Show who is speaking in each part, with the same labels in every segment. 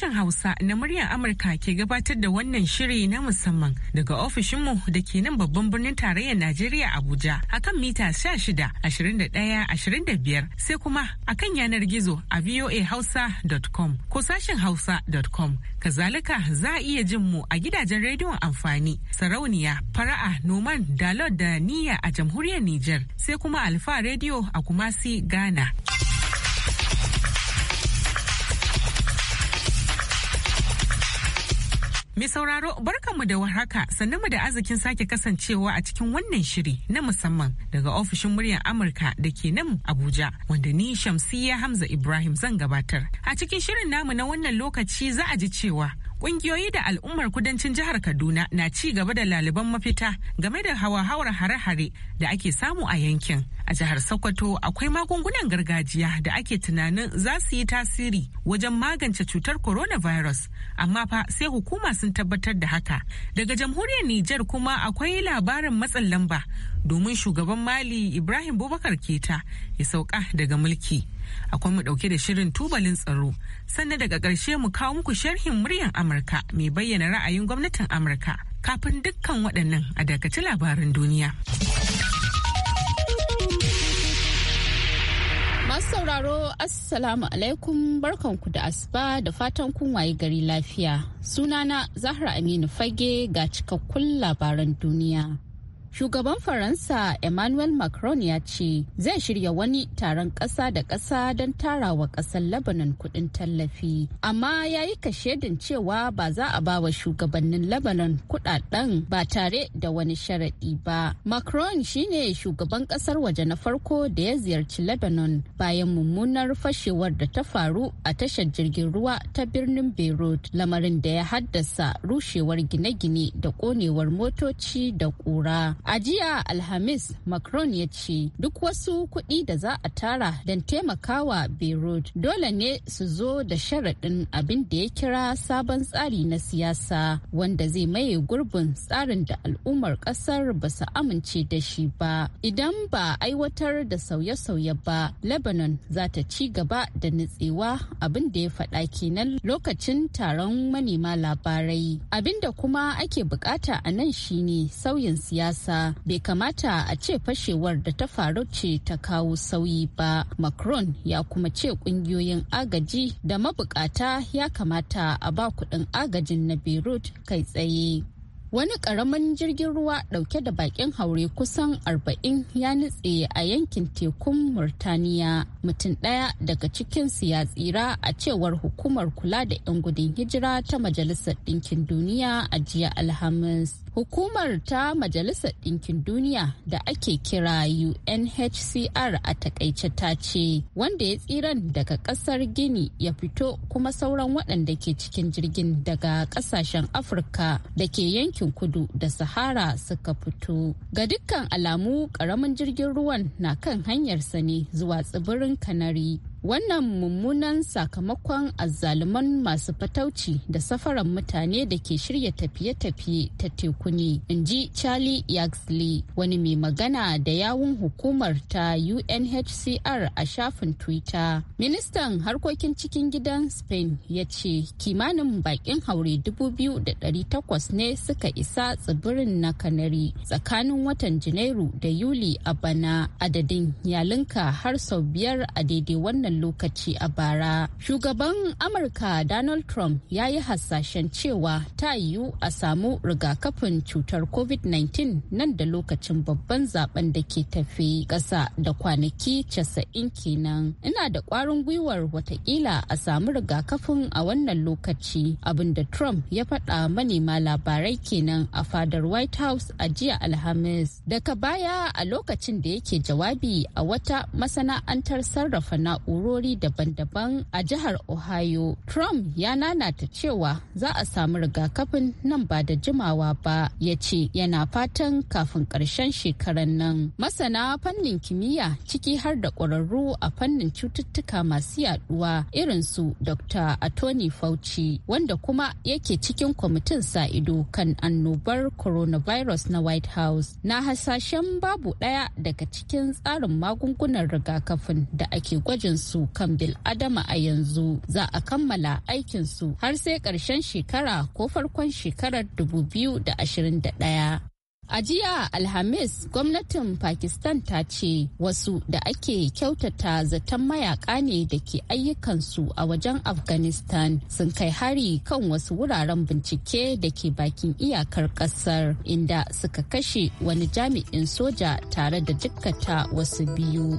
Speaker 1: sashen Hausa na muryar Amurka ke gabatar da wannan shiri na musamman daga ofishinmu da ke nan babban birnin tarayyar Najeriya Abuja akan mita 16, 21, 25 sai kuma akan yanar gizo a voahausa.com ko sashen hausa.com. Kazalika za a iya jin mu a gidajen rediyon amfani sarauniya fara'a noman dalot da niyya a jamhuriyar Nijar sai kuma alfa rediyo a kumasi Ghana. Mai sauraro barkanmu da warhaka sannan mu da arzikin sake kasancewa a cikin wannan shiri na musamman daga ofishin muryar Amurka da ke nan Abuja wanda ni Shamsiyya Hamza Ibrahim zan gabatar. A cikin shirin namu na wannan lokaci za a ji cewa Ƙungiyoyi da al'ummar kudancin jihar Kaduna na ci gaba da laliban mafita game da hawa-hawar hare-hare da ake samu a yankin. A jihar Sokoto akwai magungunan gargajiya da ake tunanin za su yi tasiri wajen magance cutar coronavirus, amma fa sai hukuma sun tabbatar da haka. Daga jamhuriyar Nijar kuma akwai labarin matsin lamba domin shugaban Mali Ibrahim Bubakar Keta ya sauka daga mulki. akwai mu dauke da shirin tubalin tsaro sannan daga ƙarshe mu kawo muku sharhin muryar amurka mai bayyana ra'ayin gwamnatin amurka kafin dukkan waɗannan a dakaci labaran duniya
Speaker 2: masu sauraro assalamu alaikum barkanku da asuba da fatan kun waye gari lafiya sunana zahra aminu fage ga cikakkun labaran duniya Shugaban Faransa Emmanuel Macron ya ce zai shirya wani taron ƙasa da ƙasa don wa ƙasar Lebanon kuɗin tallafi. Amma ya yi kashedin cewa ba za a ba wa shugabannin Lebanon kuɗaɗen ba tare da wani sharaɗi ba. Macron shine shugaban ƙasar waje na farko da ya ziyarci Lebanon bayan mummunar fashewar da ta faru a tashar jirgin ruwa ta birnin Beirut lamarin da ya haddasa rushewar gine-gine da konewar motoci da ƙura. A jiya Alhamis, Macron ya ce duk wasu kuɗi da za a tara don taimakawa Beirut dole ne su zo da sharaɗin abin da ya kira sabon tsari na siyasa wanda zai maye gurbin tsarin da al'ummar ƙasar ba su amince da shi ba. Idan ba aiwatar da sauye-sauye ba, Lebanon za ta ci gaba da nutsewa abin da ya faɗa kenan lokacin taron manema labarai. Abin da kuma ake bukata a nan shine sauyin siyasa. bai kamata a ce fashewar da ta faru ce ta kawo sauyi ba macron ya kuma ce ƙungiyoyin agaji da mabukata ya kamata a ba kuɗin agajin na beirut kai tsaye wani karamin jirgin ruwa dauke da bakin haure kusan 40 ya nutse a yankin tekun murtaniya mutum ɗaya daga cikinsu ya tsira a cewar hukumar kula da 'yan gudun hijira ta majalisar ɗinkin duniya a jiya alhamis Hukumar ta Majalisar Ɗinkin Duniya da ake kira UNHCR a takaice ta ce wanda ya tsiran daga ƙasar Gini ya fito kuma sauran waɗanda ke cikin jirgin daga ƙasashen Afirka da ke yankin kudu da Sahara suka fito. Ga dukkan alamu ƙaramin jirgin ruwan na kan hanyarsa ne zuwa tsibirin Kanari. wannan mummunan sakamakon azzaluman masu fatauci da safaran mutane da ke shirya tafiye-tafiye ta teku ne in ji charlie yaxley wani mai magana da yawun hukumar ta unhcr a shafin twitter ministan harkokin cikin gidan spain ya ce kimanin bakin haure 2,800 ne suka isa tsibirin na kanari tsakanin watan janairu da yuli a bana adadin yalinka har sau biyar a daidai wannan lokaci a bara. Shugaban Amurka Donald Trump ya yi hasashen cewa ta yiwu a samu rigakafin cutar COVID-19 nan da lokacin babban zaben da ke tafi ƙasa da kwanaki casa'in kenan. Ina da ƙwarin gwiwar watakila a samu rigakafin a wannan lokaci da Trump ya faɗa manema labarai kenan a fadar White House a jiya Alhamis. Daga baya a lokacin da yake jawabi a wata masana'antar sarrafa na'ura ɓangarori daban-daban a jihar ohio trump ya nanata cewa za a samu rigakafin nan ba da jimawa ba ya ce yana fatan kafin karshen shekaran nan masana fannin kimiyya ciki har da ƙwararru a fannin cututtuka masu yaduwa irinsu dr atoni fauci wanda kuma yake cikin kwamitin sa ido kan annobar coronavirus na white house na hasashen babu ɗaya daga cikin tsarin magungunan rigakafin da ake gwajin su kan bil'adama a yanzu za a kammala aikin su har sai ƙarshen shekara ko farkon shekarar 2021. A jiya Alhamis gwamnatin Pakistan ta ce wasu da ake kyautata zaton mayaka ne da ke ayyukansu a wajen Afghanistan sun kai hari kan wasu wuraren bincike da ke bakin iyakar kasar inda suka kashe wani jami'in soja tare da jikkata wasu biyu.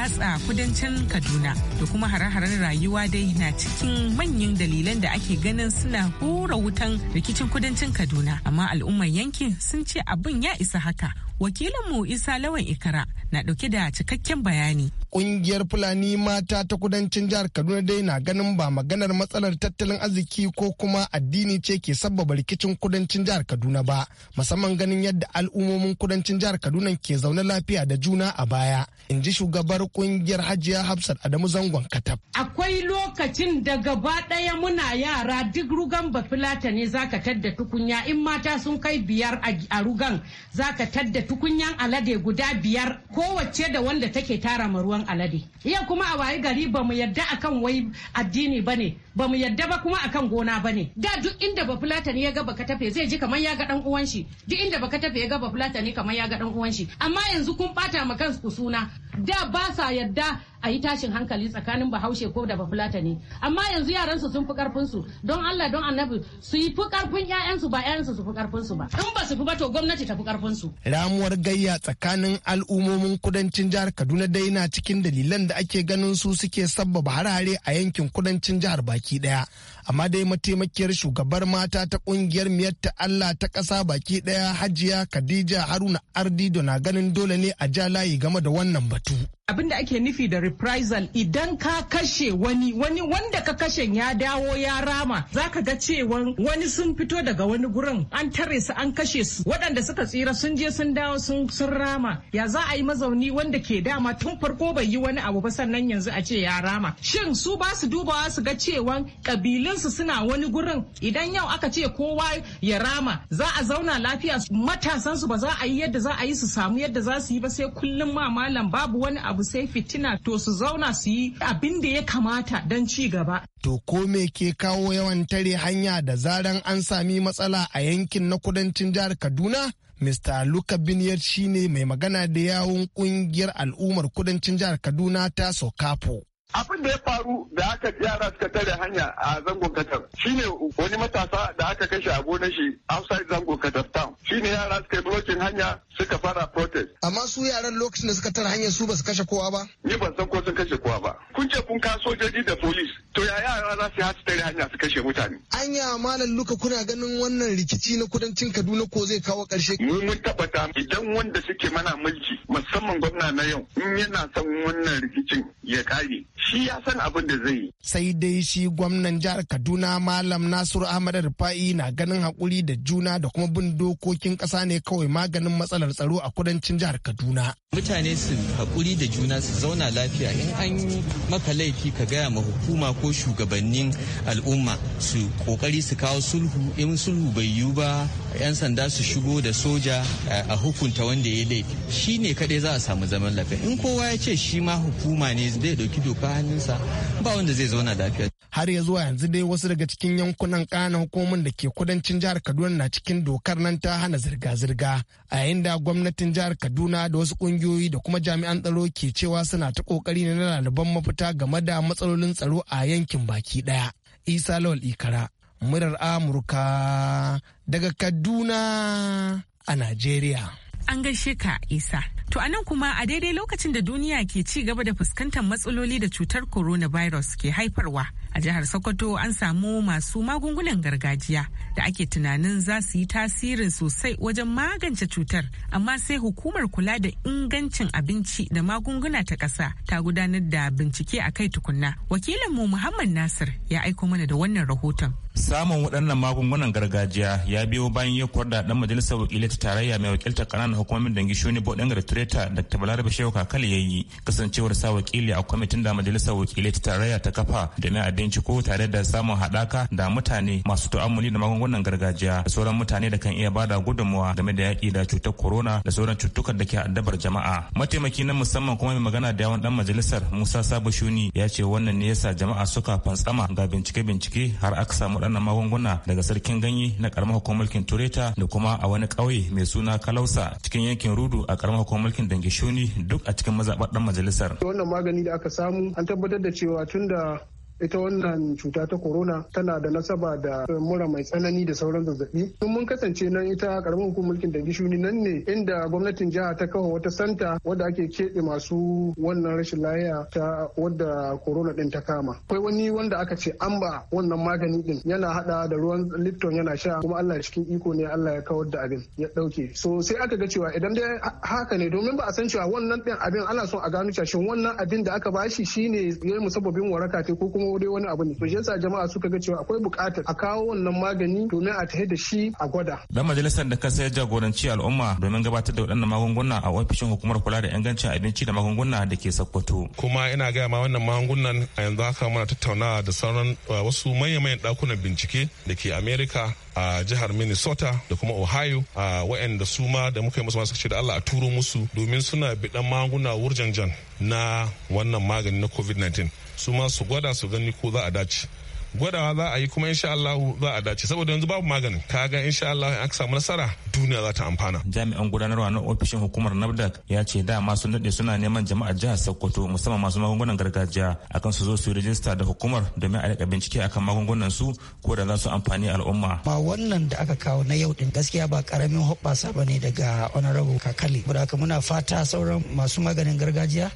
Speaker 1: ratsa kudancin kaduna da kuma hare-haren rayuwa dai na cikin manyan dalilan da ake ganin suna hura wutan rikicin kudancin kaduna amma al'ummar yankin sun ce abin ya isa haka wakilin mu isa lawan ikara na dauke da cikakken bayani kungiyar fulani
Speaker 3: mata ta kudancin jihar kaduna dai na ganin ba maganar matsalar tattalin arziki ko kuma addini ce ke sabbaba rikicin kudancin jihar kaduna ba musamman ganin yadda al'ummomin kudancin jihar kaduna ke zaune lafiya da juna a baya in ji shugabar kungiyar hajiya hafsat adamu zangon katab
Speaker 1: akwai lokacin da gaba ɗaya muna yara duk rugan fulata ne zaka tadda tukunya in mata sun kai biyar a rugan zaka tadda tukunyan alade guda biyar kowace da wanda take tara ma ruwan alade yau kuma a wayi gari ba mu yadda akan wai addini ba ne ba mu yadda ba kuma akan gona ba ne. da duk inda ba fulatani ya ga baka tafe zai ji kamar ya ga dan uwan duk inda baka tafe ya ga ba ne kamar ya ga dan uwan amma yanzu kun bata ma kansu suna da ba sa yadda a yi tashin hankali tsakanin bahaushe ko da bafulata amma yanzu yaransu sun fi karfin su don Allah don annabi su yi fi karfin ƴaƴansu ba ƴaƴansu su fi karfin su ba in ba su fi ba to gwamnati ta fi karfin
Speaker 3: ramuwar gayya tsakanin al'ummomin kudancin jihar Kaduna dai na cikin dalilan da ake ganin su suke sabbaba harare a yankin kudancin jihar baki daya amma dai mataimakiyar shugabar mata ta kungiyar miyar ta Allah ta ƙasa baki daya Hajiya Khadija Haruna Ardido na ganin dole ne a ja layi game da wannan batu abin da ake nufi da reprisal
Speaker 1: idan ka kashe wani wani wanda ka kashe ya dawo ya rama zaka ga cewa wani sun fito daga wani gurin an tare su an kashe su waɗanda suka tsira sun je sun dawo sun sun rama ya za a yi mazauni wanda ke dama tun farko bai yi wani abu ba sannan yanzu a ce ya rama shin su ba su dubawa su ga cewa kabilun su suna wani gurin idan yau aka ce kowa ya rama za a zauna lafiya matasan su ba za a yi yadda za a yi su samu yadda za su yi ba sai kullum ma malam babu wani abu abu sai fitina to su zauna su yi abin da ya kamata don ci gaba.
Speaker 3: To ko me ke kawo yawan tare hanya da zaran an sami matsala a yankin na kudancin jihar Kaduna? Mr. Luka Biniyar shine mai magana da yawun kungiyar al'ummar kudancin jihar Kaduna ta Sokapo.
Speaker 4: abin da ya faru da aka yara suka tare hanya a zangon katar shine wani matasa da aka kashe a gonar shi outside zangon katar town shine yara suka yi blokin hanya suka fara protest
Speaker 3: amma su yaran lokacin da suka tare hanyar su ba su kashe kowa ba
Speaker 4: ni ban san ko sun kashe kowa ba kun ce kun ka sojoji da police to ya yara za su hasu tare hanya su kashe mutane
Speaker 3: anya malam luka kuna ganin wannan rikici na kudancin kaduna ko zai kawo karshe mu mun tabbata
Speaker 4: idan wanda suke mana mulki musamman gwamna na yau in yana son wannan rikicin ya kare shi ya san abin da zai yi.
Speaker 3: Sai dai shi gwamnan jihar Kaduna Malam Nasiru Ahmad Rufa'i na ganin hakuri da juna da kuma bin dokokin ƙasa ne kawai maganin matsalar tsaro a kudancin jihar Kaduna.
Speaker 5: Mutane su haƙuri da juna su zauna lafiya in an maka laifi ka gaya ma hukuma ko shugabannin al'umma su ƙoƙari su kawo sulhu in sulhu bai yiwu ba 'yan sanda su shigo da soja a hukunta wanda ya laifi shi ne kaɗai za a samu zaman lafiya in kowa ya ce shi ma hukuma ne zai ɗauki doka hannunsa ba wanda zai zauna lafiya.
Speaker 3: Har ya zuwa yanzu dai wasu daga cikin yankunan kana hukumomin da ke kudancin jihar Kaduna na cikin dokar nan ta hana zirga-zirga a yayin da gwamnatin jihar Kaduna da wasu ƙungiyoyi da kuma jami'an tsaro ke cewa suna ta kokari ne na lalaban mafita game da matsalolin tsaro a yankin baki ɗaya. Isa Lawal Ikara, murar Amurka daga Kaduna a Najeriya.
Speaker 1: An gaishe ka Isa. To a nan kuma a daidai lokacin da duniya ke ci gaba da fuskantar matsaloli da cutar coronavirus ke haifarwa. A jihar Sokoto an samu masu magungunan gargajiya da ake tunanin za su yi tasirin sosai wajen magance cutar. Amma sai hukumar kula da ingancin abinci da magunguna ta ƙasa ta gudanar da bincike a kai tukunna. Wakilinmu Muhammad Nasir ya aiko mana da wannan rahoton.
Speaker 6: samun waɗannan magungunan gargajiya ya biyo bayan yakuwar da ɗan majalisar wakilai ta tarayya mai wakiltar kananan hukumomin dangi shuni bodin tureta da balarabe shehu kakali ya yi kasancewar sa wakili a kwamitin da majalisar wakilai ta tarayya ta kafa domin a ko tare da samun haɗaka da mutane masu ta'ammuli da magungunan gargajiya da sauran mutane da kan iya bada gudunmuwa game da yaƙi da cutar corona da sauran cututtukan da ke addabar jama'a mataimaki na musamman kuma mai magana da yawan ɗan majalisar musa sabu shuni ya ce wannan ne yasa jama'a suka fantsama ga bincike-bincike har aka samu waɗannan magunguna daga sarkin ganye na ƙaramar hukumar mulkin tureta da kuma a wani ƙauye mai suna kalausa cikin yankin rudu a ƙaramar hukumar mulkin Dangishoni duk a cikin mazaɓar majalisar
Speaker 3: wannan magani da aka samu an tabbatar da cewa tun da ita wannan cuta ta corona tana da nasaba da mura mai tsanani da sauran zazzabi tun mun kasance nan ita karamin hukumar mulkin da gishuni nan ne inda gwamnatin jiha ta kawo wata santa wadda ake keɓe masu wannan rashin lahiya ta wadda corona din ta kama akwai wani wanda aka ce an ba wannan magani din yana hada da ruwan lipton yana sha kuma Allah cikin iko ne Allah ya kawar da abin ya dauke so sai aka ga cewa idan dai haka ne domin ba a san cewa wannan din abin ana son a gano cewa wannan abin da aka bashi shine ya yi musababin waraka ko kuma ko dai wani abu ne to shi yasa jama'a suka ga cewa akwai bukatar a kawo wannan magani domin a tafi da shi a gwada
Speaker 6: dan majalisar da kasa ya jagoranci al'umma domin gabatar da waɗannan magunguna a ofishin hukumar kula da ingancin abinci da magunguna da ke Sokoto
Speaker 7: kuma ina ga ma wannan magungunan a yanzu haka muna tattaunawa da sauran uh, wasu manya-manyan dakunan bincike da ke amerika a jihar Minnesota da kuma Ohio a uh, waɗanda su ma da muka yi musu masu da Allah a turo musu domin suna biɗan magunguna wurjanjan na wannan magani na covid-19 su ma su gwada su gani ko za a dace gwadawa za a yi kuma insha Allah za a dace saboda yanzu babu maganin ka ga insha Allah in aka samu nasara
Speaker 6: duniya za ta amfana jami'an gudanarwa na ofishin hukumar NAFDAC ya ce da masu dade suna neman jama'a jihar Sokoto musamman masu magungunan gargajiya akan su zo su rijista da hukumar domin a rika bincike akan magungunan su ko da za su amfani
Speaker 5: al'umma ba wannan da aka kawo na yau din gaskiya ba karamin hoɓɓasa bane daga honorable Kakali saboda haka muna fata sauran masu maganin gargajiya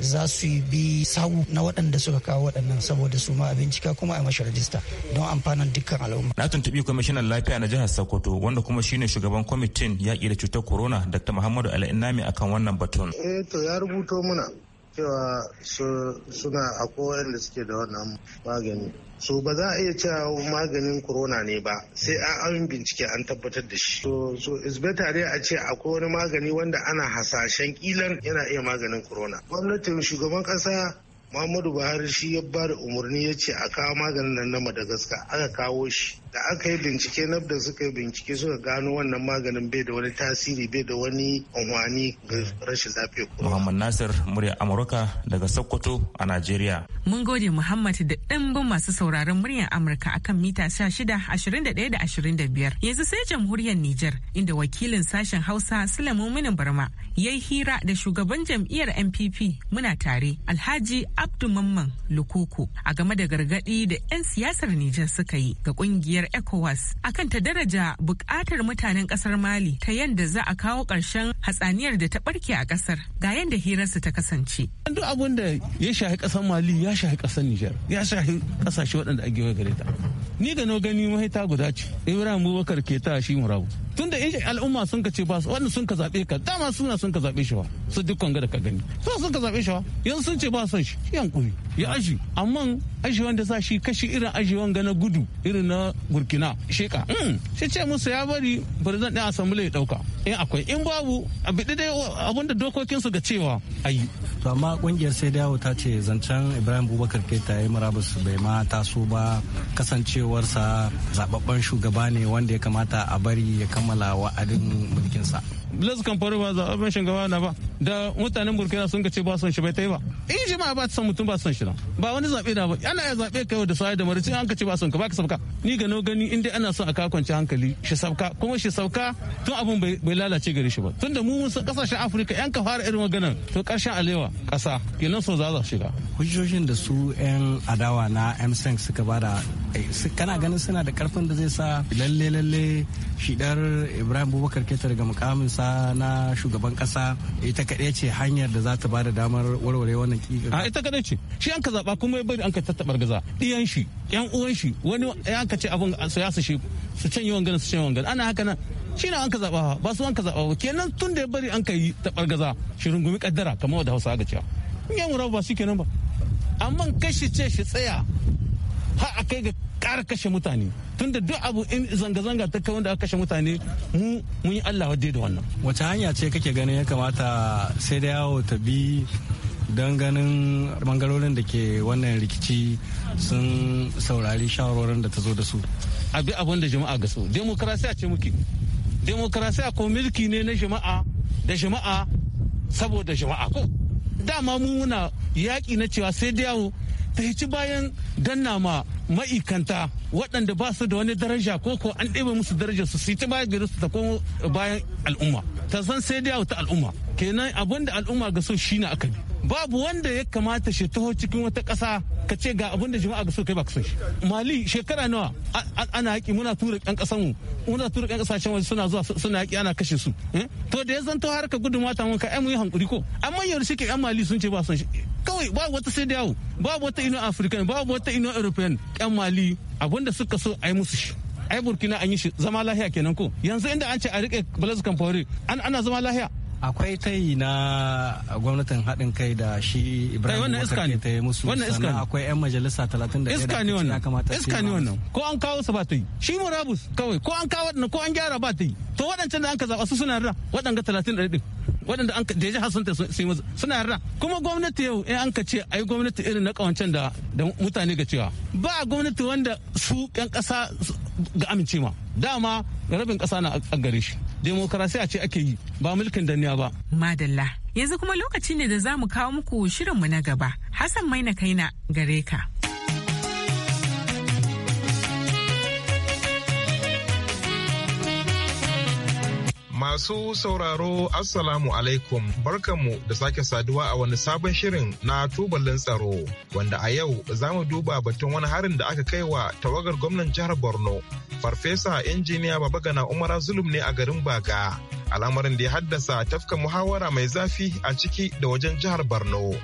Speaker 5: za su bi sawu na waɗanda suka kawo waɗannan saboda su ma a bincika kuma a mashi rajista don amfanin dukkan al'umma.
Speaker 6: Na tuntuɓi kwamishinan lafiya na jihar Sokoto wanda kuma shine shugaban kwamitin yaƙi da cutar corona Dr. Muhammadu Alainami akan wannan batun.
Speaker 3: Eh to ya rubuto muna cewa suna a koyar da suke da wannan magani so ba za a iya cewa maganin corona ne ba sai an bincike an tabbatar da shi so is better a ce akwai wani magani wanda ana hasashen kilan yana iya maganin corona gwamnatin shugaban kasa muhammadu buhari shi ya ba da umarni ya ce a kawo maganin nan na madagascar aka kawo shi da aka yi bincike na da suka yi bincike suka gano wannan maganin bai da wani tasiri bai da wani amfani ga rashin lafiyar
Speaker 6: muhammad nasir murya amurka daga sokoto a najeriya
Speaker 1: mun gode muhammad da ɗimbin masu sauraron muryar amurka akan mita 16 ashirin da biyar. yanzu sai jamhuriyar niger inda wakilin sashen hausa sulaiman barma ya yi hira da shugaban jam'iyyar npp muna tare alhaji Abdu Mamman Lukoko a game da gargaɗi da 'yan siyasar Nijar suka yi ga ƙungiyar ECOWAS akan ta daraja bukatar mutanen kasar Mali ta yadda za a kawo ƙarshen hatsaniyar da ta ɓarke a kasar ga yadda hirarsu ta kasance.
Speaker 8: Duk abin da ya shahi ƙasar Mali ya shahi ƙasar Nijar ya shahi ƙasashe waɗanda a gefe gare Ni da na gani mahita guda ce Ibrahim Bubakar ke ta shi murabu. da in al'umma sun ka ce ba su wani sun ka zaɓe ka dama suna sun ka zaɓe shi ba su dukkan ga da ka gani su sun ka zaɓe shi ba yanzu sun ce ba son shi yan kuri ya aji amma aji wanda sa shi kashi irin aji wanga na gudu irin na burkina sheka hmm, shi ce musu ya bari barzan ɗin asambile ya ɗauka in akwai in babu abinda dokokin su ga cewa
Speaker 9: ayi to amma kungiyar sai dawo ta ce zancen ibrahim bubakar keta ya yi murabus bai ma taso ba kasancewarsa zababben shugaba ne wanda ya kamata a bari ya kama kammala wa'adin mulkinsa.
Speaker 8: Blaise Compaoré ba ban shugaba na ba da mutanen Burkina sun ka ce ba son shi bai ta yi ba. In shi ma ba ta san mutum ba son shi na ba wani zaɓe na ba ana ya zaɓe kai da sai da marici an ka ce ba son ka ba ka sabka ni ga nau gani in dai ana son a kakwanci hankali shi sabka kuma shi sabka tun abin bai lalace gare shi ba tun da mu mun san kasashen Afirka yan ka fara irin maganar to karshen alewa ƙasa kenan so za za shiga.
Speaker 9: Hujjojin da su 'yan adawa na MSN suka bada Eh, kana ganin suna da karfin da zai sa lalle lalle shidar ibrahim bubakar keta daga mukaminsa na shugaban kasa ita kaɗai ce hanyar da za ta ba da damar warware wannan kika a
Speaker 8: ita kaɗai ce shi an ka zaɓa kuma ya bari
Speaker 9: an ka tattaɓar gaza ɗiyan shi ƴan uwan shi
Speaker 8: wani ya ka ce abin su shi su canyi wangan su canyi wangan ana haka nan shi na an ka zaɓa ba su an ka zaɓa kenan tun da ya bari an ka yi taɓar gaza shi rungumi kaddara kamar wadda hausa ga cewa in yan wurawa ba shi kenan ba amma kashi ce shi tsaya har a kai ga ƙara kashe mutane tunda duk abu in zanga-zanga ta kai wanda aka kashe mutane mu mun yi Allah wadde da wannan.
Speaker 9: Wace hanya ce kake ganin ya kamata sai da yawo ta bi don ganin bangarorin da ke wannan rikici sun saurari shawarorin da ta zo da su. Abi abin da
Speaker 8: jama'a ga su. Demokarasiya ce muke. Demokarasiya ko mulki ne na jama'a da jama'a saboda jama'a ko. Dama mu muna yaƙi na cewa sai da yawo hici bayan danna ma ma'ikanta waɗanda ba su da wani daraja ko ko an ɗebe musu daraja su su bayan gari su ta ko bayan al'umma ta san sai dai wata al'umma kenan abin da al'umma ga so na aka bi babu wanda ya kamata shi taho cikin wata ƙasa ka ce ga abin da jama'a ga so kai ba ka so shi mali shekara nawa ana haƙi muna tura ƙan ƙasan mu muna tura ƴan ƙasashen waje suna zuwa suna haƙi ana kashe su eh? to da ya zanto har ka gudun mata mun ka ai mu yi hankuri ko amma yanzu shi ke ƴan mali sun ce ba son kawai babu wata sai da yawo babu wata ino african babu wata ino european yan mali abinda suka so a yi musu shi ai burkina an yi shi zama lahiya kenan ko yanzu inda an ce a rike blaze kamfori an ana zama lahiya
Speaker 9: akwai yi na gwamnatin haɗin kai da shi ibrahim wannan iska ne ta yi musu wannan iska ne akwai yan majalisa 31 iska ne wannan iska ne wannan
Speaker 8: ko an kawo su ba ta yi shi murabus kawai ko an kawo ko an gyara ba ta yi to waɗancan da an ka zaɓa su suna da waɗanga 31 ɗin waɗanda an da jihar sun suna yarda kuma gwamnati yau in an ka ce ai gwamnati irin na kawancen da mutane ga cewa ba gwamnati wanda su yan ƙasa ga amince ma dama rabin ƙasa na a gare shi demokarasiya ce ake yi ba mulkin danniya ba
Speaker 1: madalla yanzu kuma lokaci ne da za mu kawo muku shirinmu na gaba hassan maina kaina gare ka
Speaker 7: Masu sauraro Assalamu alaikum barkanmu da sake saduwa a wani sabon shirin na tubalin tsaro wanda a yau za mu duba batun wani harin da aka kai wa tawagar gwamnan jihar Borno. Farfesa injiniya baba Babagana Umara Zulum ne a garin Baga. Al'amarin da ya haddasa tafka muhawara mai zafi a ciki da wajen jihar Borno.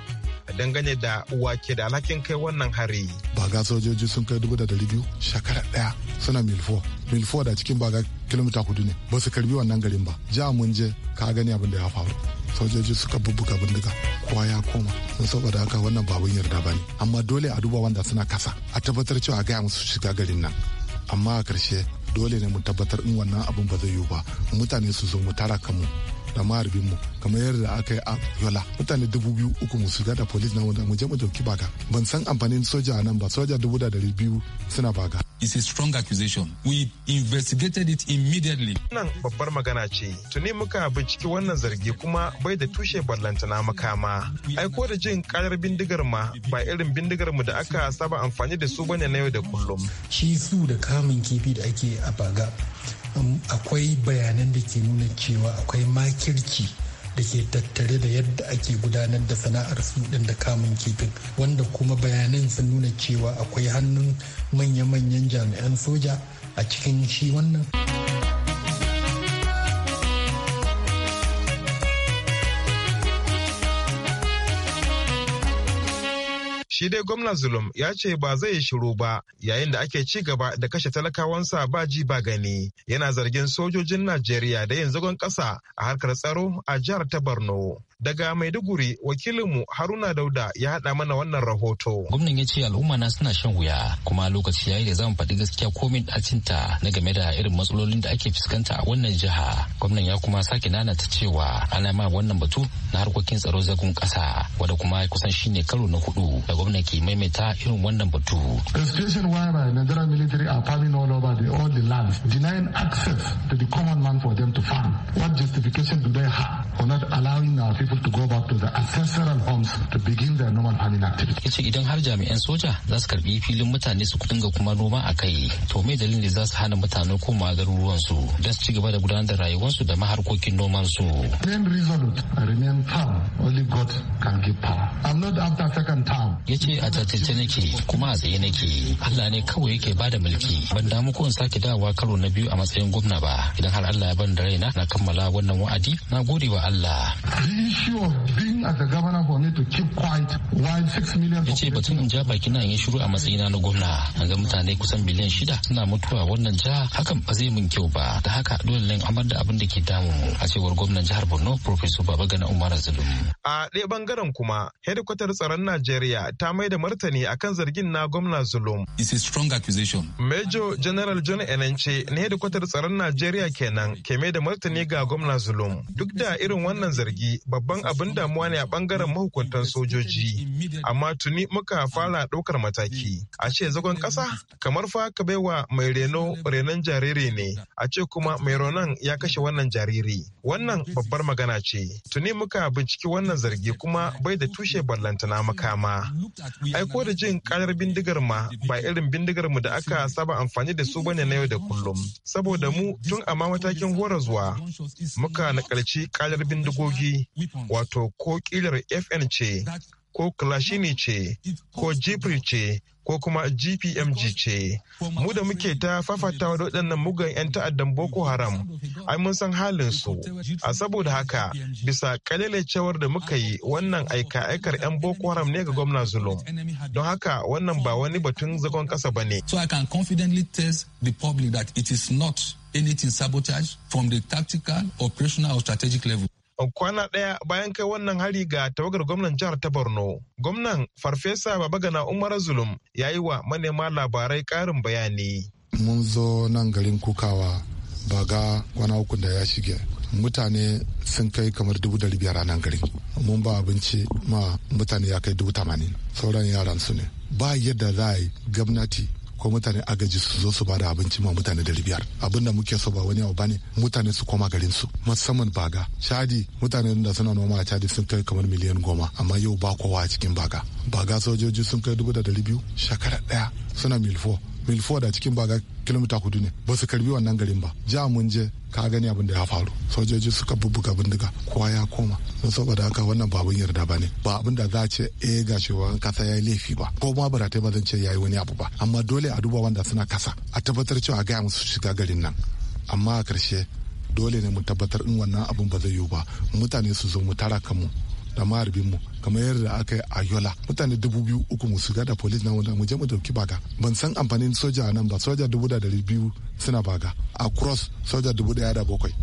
Speaker 7: dangane da ke da alhakin kai wannan hari.
Speaker 4: Baga sojoji sun kai dubu da dari biyu shekara ɗaya suna milfo. Milfo da cikin baga kilomita hudu ne ba su karbi wannan garin ba. Ja mun je ka gani abin da ya faru. sojoji suka bubbuga bindiga kowa ya koma don saboda haka wannan babun yarda ba ne amma dole a duba wanda suna kasa a tabbatar cewa gaya musu shiga garin nan amma a karshe dole ne mu tabbatar in wannan abin ba zai yiwu ba mutane su zo mu tara kanmu da maharbin mu kamar yadda aka yi a yola mutane dubu biyu uku mu shiga da polis na wanda mu je mu dauki baga ban san amfanin soja a nan ba soja dubu da dari biyu suna baga.
Speaker 7: It's a strong accusation. We investigated it immediately. Nan babbar magana ce. Tuni muka binciki wannan zargi kuma bai da tushe ballantana makama. Ai ko da jin karar bindigar ma ba irin bindigar mu da aka saba amfani da su bane na yau da kullum.
Speaker 10: Shi su da kamun kifi da ake a baga akwai bayanan da ke nuna cewa akwai makirci da ke tattare da yadda ake gudanar da sana'ar su ɗin da kamun kifin wanda kuma bayanan sun nuna cewa akwai hannun manya-manyan jami'an soja a cikin shi wannan.
Speaker 7: Shi dai gwamna Zulum ya ce ba zai yi shiru ba yayin da ake ci gaba da kashe talakawansa ba ji ba gani. Yana zargin sojojin Najeriya da yin zagon ƙasa a harkar tsaro a jihar ta Borno. Daga Maiduguri wakilinmu Haruna Dauda ya haɗa mana wannan rahoto. Gwamnan ya ce al'umma na suna shan
Speaker 11: wuya kuma lokaci yayi da zamu faɗi gaskiya komai ɗacinta na game da irin matsalolin da ake fuskanta a wannan jiha. Gwamnan ya kuma sake nanata cewa ana ma wannan batu na harkokin tsaro zagon ƙasa wanda kuma kusan shine karo na hudu da gwamnan ke maimaita irin wannan batu.
Speaker 4: The situation Nigerian military are farming all over the, all land, denying access to the common man for them to farm. What justification do they have? for not allowing our people to go back to the ancestral homes to begin their normal farming
Speaker 11: activity. Yace idan har jami'an soja za su karbi filin mutane su dinga kuma noma a kai to me dalilin da za su hana mutane koma garuruwan su da su ci gaba da gudanar da rayuwarsu da maharkokin noman su.
Speaker 1: Main reason
Speaker 4: remain firm only God can give power. I'm not after second term.
Speaker 11: Yace a tattace nake kuma a tsaye nake Allah ne kawai yake bada mulki ban damu ko in sake dawowa karo na biyu a matsayin gwamna ba idan har Allah ya ban da raina na kammala wannan wa'adi na gode wa Allah. Ya batun in ja baki na yi shiru a matsayina na gwamna. An ga mutane kusan miliyan shida suna mutuwa wannan jiha hakan ba zai mun kyau ba. ta haka dole ne amar da abin da ke damu a cewar gwamnan jihar Borno Professor Gana Umar Zulum.
Speaker 7: A ɗaya bangaren kuma hedikwatar tsaron Najeriya ta mai da martani akan zargin na gwamna Zulum. It's a strong accusation. Major General John Enenche na hedikwatar tsaron Najeriya kenan ke mai da martani ga gwamna Zulum. Duk da irin irin wannan zargi babban abin damuwa ne a bangaren mahukuntan sojoji amma tuni muka fara ɗaukar mataki a ce zagon ƙasa kamar fa ka baiwa mai reno renon jariri ne a ce kuma mai renon ya kashe wannan jariri wannan babbar magana ce tuni muka binciki wannan zargi kuma bai da tushe ballantana makama Ai ko da jin kalar bindigar ma ba irin bindigar mu da aka saba amfani da su bane na yau da kullum saboda mu tun amma matakin zuwa, muka nakalci kalar bindigogi wato ko kilar FN ce ko Kalashini ce ko Jifri ce ko kuma GPMG ce. Mu da muke ta fafata da waɗannan mugan 'yan ta'addan Boko Haram, ai mun san halin su. A saboda haka, bisa cewar da muka yi wannan aika aikar 'yan Boko Haram ne ga gwamna Zulum. Don haka wannan ba wani batun zagon ƙasa ba ne. So I can confidently test the public that it is not anything sabotage from the tactical, operational or strategic level. kwana ɗaya bayan kai wannan hari ga tawagar gwamnan jihar ta borno gwamnan farfesa babagana umar zulum ya yi wa manema labarai ƙarin bayani mun zo nan garin
Speaker 4: kukawa ba ga kwana uku da ya shige mutane sun kai kamar dubu da biyar a nan garin mun ba abinci ma mutane ya kai dubu tamanin sauran yaran su ne ba yadda za a yi gwamnati akwai mutane agaji su zo su ba da abinci ma mutane dari biyar abin da muke so ba wani abu bane mutane su koma garin su musamman baga shadi mutane da suna noma a shadi sun kai kamar miliyan goma amma yau ba kowa a cikin baga baga sojoji sun kai dubu da dari biyu shekara daya suna milfo milford a cikin baga kilomita hudu ne ba su karbi wannan garin ba ja mun je ka gani abin da ya faru sojoji suka bubbuga bindiga kowa ya koma don saboda haka wannan ba abin yarda ba ne ba abin da za a ce e ga shugaban kasa ya yi laifi ba ko ma baratai ba zan ce ya yi wani abu ba amma dole a duba wanda suna kasa a tabbatar cewa a gaya musu shiga garin nan amma a karshe dole ne mu tabbatar in wannan abun ba zai yiwu ba mutane su zo mu tara kanmu da maharbin mu kamar yadda aka yi a yola mutane dubu biyu uku musu gada da polis na wanda mu je mu dauki baga ban san amfanin soja a nan ba soja dubu da dari biyu suna baga a cross soja dubu daya da bakwai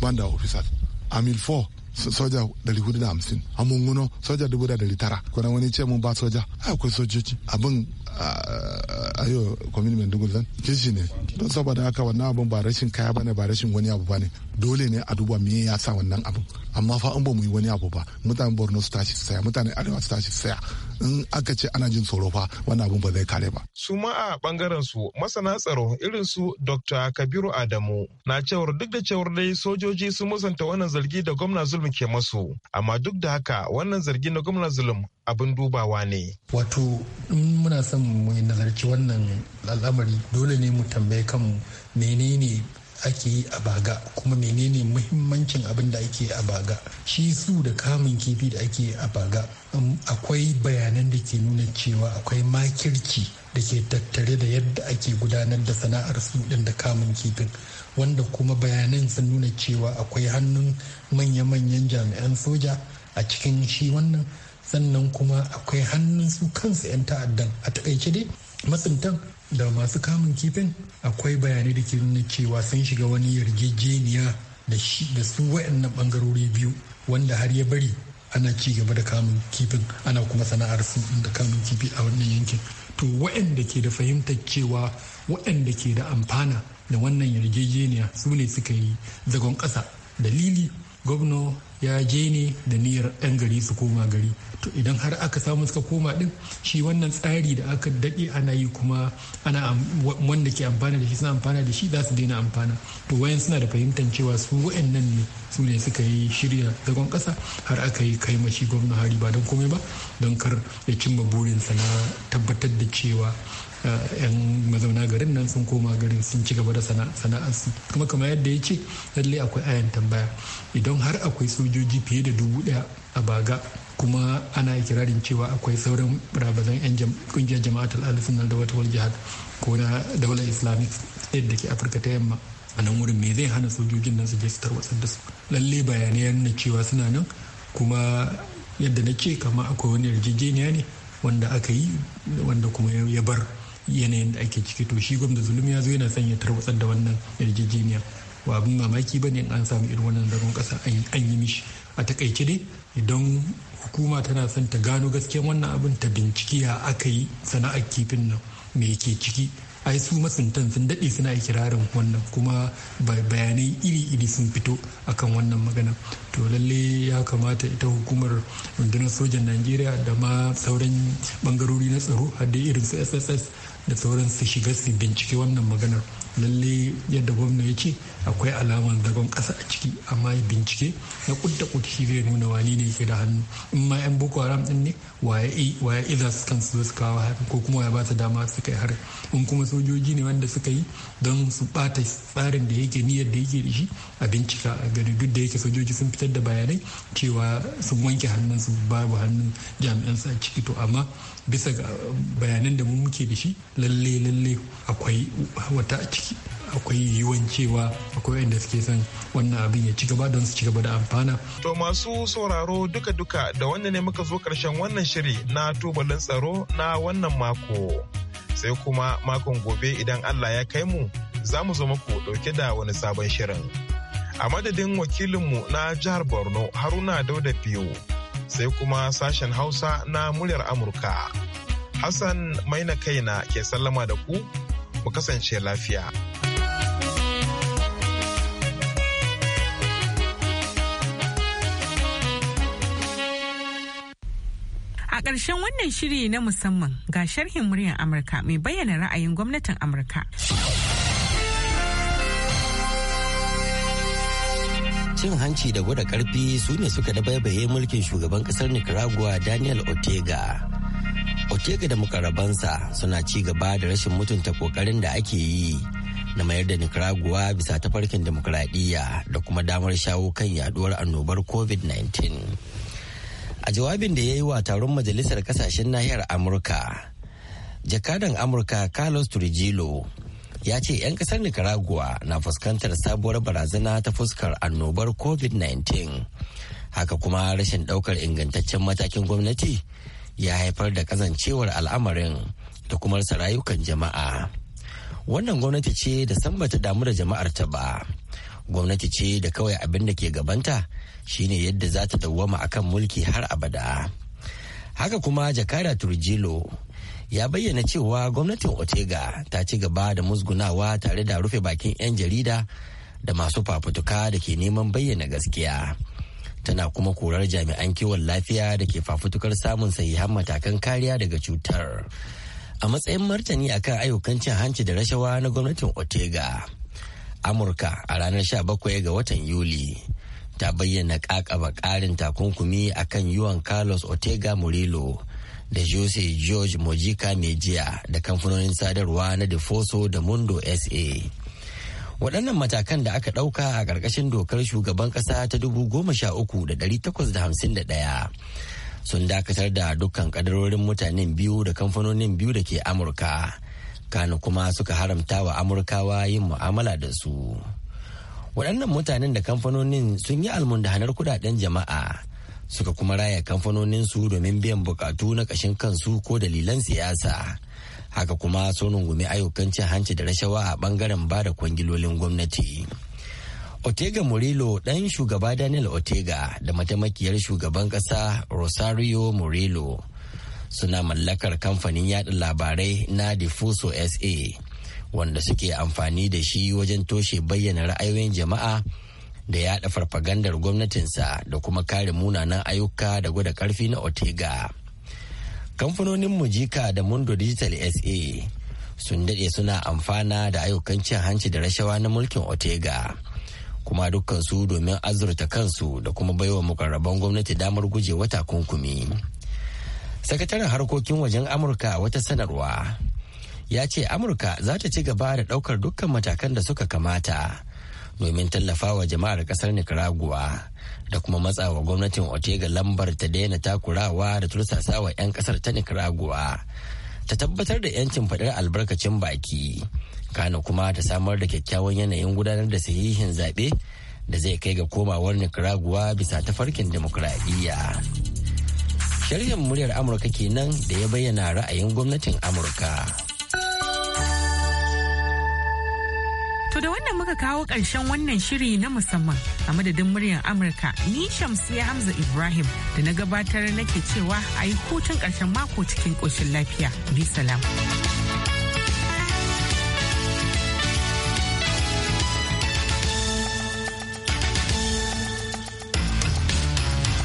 Speaker 4: banda officers a four soja dari hudu da hamsin a munguno soja dubu da dari tara kuna wani ce mun ba soja akwai sojoji abin ah, ayo kwamin maiduguri zan kishi ne don saboda haka wannan abin ba rashin kaya bane ba rashin wani abu bane dole ne a duba me ya sa wannan abu amma fa an ba mu yi wani abu ba mutane borno su tashi saya mutane arewa su tashi saya in aka ce ana jin tsoro fa wannan abun ba zai kare ba
Speaker 7: su ma a bangaren su masana tsaro irin su dr kabiru adamu na cewar duk da cewar dai sojoji sun musanta wannan zargi da gwamna zulum ke masu amma duk da haka wannan zargi na gwamna zulum abin dubawa ne
Speaker 10: wato in muna son mu nazarci wannan al'amari dole ne mu tambaye kanmu menene ake yi a baga kuma menene muhimmancin abin da ake a baga shi su da kamun kifi da ake a baga um, akwai bayanan da ke nuna cewa akwai makirci da ke tattare da yadda ake gudanar da sana'ar su din da kamun kifin wanda kuma bayanan sun nuna cewa akwai hannun manya-manyan jami'an soja a cikin shi wannan sannan kuma akwai hannun su kansu 'yan ta'addan a takaice dai masuntan da masu kamun kifin akwai bayanai da ke nuna cewa sun shiga wani yarjejeniya da su waɗannan ɓangarori biyu wanda har ya bari ana ci gaba da kamun kifin ana kuma sana'ar su da kamun kifi a wannan yankin to waɗanda ke da fahimtar cewa waɗanda ke da amfana da wannan yarjejeniya su ne suka yi zagon ƙasa dalili gwamna ya je ne da niyyar 'yan gari su koma gari to idan har aka samu suka koma din shi wannan tsari da aka daɗe ana yi kuma ana wanda ke amfana da shi suna amfana da shi za su daina amfana to wayan suna da fahimtar cewa su wayannan ne su ne suka yi shirya zagon ƙasa har aka yi kai mashi gwamna hari ba don komai ba don kar ya cimma burinsa na tabbatar da cewa 'yan mazauna garin nan sun koma garin sun ci gaba da sana'arsu kuma kamar yadda ya ce lallai akwai ayan tambaya idan har akwai sojoji fiye da dubu daya a baga kuma ana kirarin cewa akwai sauran barabazan 'yan kungiyar al'adu sunan da wata jihar ko na daular islamic state da ke afirka ta yamma a nan wurin me zai hana sojojin nan su je su tarwatsar da su lalle bayanai ya nuna cewa suna nan kuma yadda na ce kama akwai wani yarjejeniya ne wanda aka yi wanda kuma ya bar yanayin da ake ciki to shi gwamnati zulum ya zo yana son ya tarwatsar da wannan yarjejeniya ba abin mamaki ba ne an samu irin wannan zagon kasa an yi mishi a takaice dai idan hukuma tana son ta gano gaskiyan wannan abin ta binciki ya aka yi sana'ar kifin nan me ke ciki ai su masuntan sun daɗe suna ikirarin wannan kuma bayanai iri-iri sun fito akan wannan magana to lalle ya kamata ita hukumar rundunar sojan najeriya da ma sauran bangarori na tsaro har da irin su sss da sauransu shiga su bincike wannan maganar lalle yadda gwamna ya ce akwai alamar zagon kasa a ciki amma bincike na kudda kudi shi zai nuna wani ne ke da hannu in ma yan boko haram din ne waya iza su kansu su kawo hari ko kuma ya ba su dama su kai hari in kuma sojoji ne wanda suka yi don su bata tsarin da yake niyyar da yake da shi a bincika a gari duk da yake sojoji sun fitar da bayanai cewa sun wanke hannun su babu hannun jami'an su a ciki to amma bisa ga bayanan da mu muke da shi lalle lalle akwai wata a ciki akwai yiwuwan cewa akwai wanda suke son wannan abin ya ci gaba don su ci gaba da amfana.
Speaker 7: To masu sauraro duka-duka da wanda ne muka zo karshen wannan shiri na tubalin tsaro na wannan mako. Sai kuma makon gobe idan Allah ya kai mu za mu zo muku dauke da wani sabon shirin. A madadin wakilinmu na jihar Borno Haruna Dauda Biyu sai kuma sashen Hausa na muryar Amurka. Hassan Maina Kaina ke sallama da ku mu kasance lafiya.
Speaker 1: A ƙarshen wannan shiri na musamman ga sharhin muryar Amurka mai bayyana ra'ayin gwamnatin Amurka.
Speaker 5: Cin hanci da gwada ƙarfi su ne suka dabaibaye mulkin shugaban ƙasar Nicaragua Daniel Ortega. Otega da mukarabansa suna ci gaba da rashin mutunta kokarin da ake yi na mayar da Nicaragua bisa tafarkin demokradiyya da kuma damar shawo kan yaduwar annobar COVID-19. A jawabin da ya yi wa taron Majalisar Kasashen Nahiyar Amurka, jakadan Amurka Carlos Trujillo ya ce 'yan kasar Nicaragua na fuskantar sabuwar barazana ta fuskar annobar COVID-19. Haka kuma rashin ɗaukar ingantaccen matakin gwamnati. ya haifar da kazancewar al'amarin da kuma rasa rayukan jama'a wannan gwamnati ce da san bata damu da jama'ar ta ba gwamnati ce da kawai abin da ke gabanta shine yadda za ta dawwama akan mulki har abada haka kuma jakada turjilo ya bayyana cewa gwamnatin otega ta ci gaba da musgunawa tare da rufe bakin 'yan jarida da masu fafutuka da ke neman bayyana gaskiya. tana kuma korar jami'an kiwon lafiya da ke fafutukar samun sahihan matakan kariya daga cutar a matsayin martani akan ayyukan cin hanci da rashawa na gwamnatin otega amurka a ranar 17 ga watan yuli ta bayyana kakaba karin takunkumi akan yuan carlos otega murillo da jose george Mojica mejia da kamfanonin sadarwa na defoso da mundo sa waɗannan matakan da aka ɗauka a ƙarƙashin dokar shugaban ƙasa ta dubu goma sha uku da ɗari takwas da hamsin da ɗaya sun dakatar da dukkan ƙadarorin mutanen biyu da kamfanonin biyu da ke amurka kano kuma suka haramta wa amurkawa yin mu'amala da su waɗannan mutanen da kamfanonin sun yi almun da hanar kudaden jama'a suka kuma raya kamfanoninsu domin biyan bukatu na ƙashin kansu ko dalilan siyasa haka kuma sun rungumi ayyukan cin hanci da rashawa a bangaren ba da kwangilolin gwamnati otega murillo ɗan shugaba daniel otega da matamakiyar shugaban ƙasa rosario murillo suna mallakar kamfanin yaɗa labarai na difuso sa wanda suke amfani da shi wajen toshe bayyana ra'ayoyin jama'a da yaɗa farfagandar gwamnatinsa da kuma kare munanan ayyuka da gwada ƙarfi na otega. kamfanonin mujika da mundo digital sa sun daɗe suna amfana da ayyukan cin hanci da rashawa na mulkin otega kuma dukkansu domin azurta kansu da kuma baiwa mukarraban gwamnati damar guje wata kunkumi sakataren harkokin wajen amurka wata sanarwa ya ce amurka za ta ci gaba da ɗaukar dukkan matakan da suka kamata domin tallafawa jama'ar kasar nicaragua da kuma matsawa gwamnatin ortega lambar ta daina takurawa da tursasawa 'yan kasar ta nicaragua ta tabbatar da 'yancin faɗar albarkacin baki kana kuma ta samar da kyakkyawan yanayin gudanar da sahihin zaɓe da zai kai ga komawar nicaragua bisa tafarkin dimokuraɗiyya sharhin muryar amurka kenan da ya bayyana ra'ayin gwamnatin amurka. To da wannan
Speaker 1: muka kawo ƙarshen wannan shiri na musamman a madadin muryar Amurka ni Shamsiya Hamza Ibrahim da na gabatar nake cewa a yi hutun ƙarshen mako cikin ƙoshin lafiya. Bi salam.